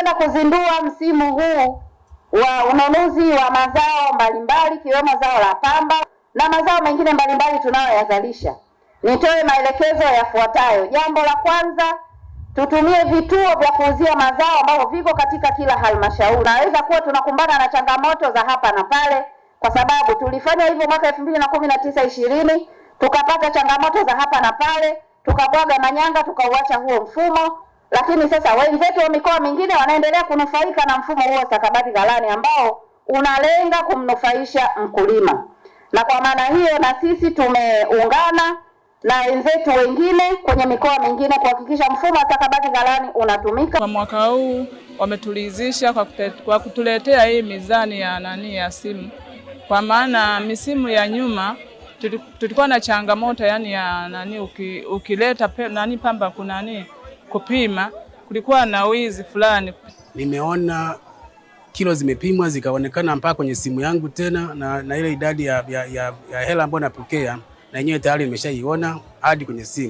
tunakwenda kuzindua msimu huu wa ununuzi wa mazao mbalimbali ikiwemo zao la pamba na mazao mengine mbalimbali tunayoyazalisha. Nitoe maelekezo yafuatayo. Jambo la kwanza, tutumie vituo vya kuuzia mazao ambavyo viko katika kila halmashauri. Naweza kuwa tunakumbana na changamoto za hapa na pale, kwa sababu tulifanya hivyo mwaka elfu mbili na kumi na tisa ishirini tukapata changamoto za hapa na pale, tukabwaga manyanga, tukauacha huo mfumo lakini sasa wenzetu wa mikoa mingine wanaendelea kunufaika na mfumo huo wa stakabadhi ghalani ambao unalenga kumnufaisha mkulima, na kwa maana hiyo na sisi tumeungana na wenzetu wengine kwenye mikoa mingine kuhakikisha mfumo wa stakabadhi ghalani unatumika. Kwa mwaka huu wametulizisha kwa, kwa kutuletea hii mizani ya nani ya simu, kwa maana misimu ya nyuma tulikuwa na changamoto yani ya nani, ukileta nani pamba kunani kupima, kulikuwa na wizi fulani. Nimeona kilo zimepimwa zikaonekana mpaka kwenye simu yangu tena na, na ile idadi ya, ya, ya, ya hela ambayo napokea na yenyewe tayari nimeshaiona hadi kwenye simu.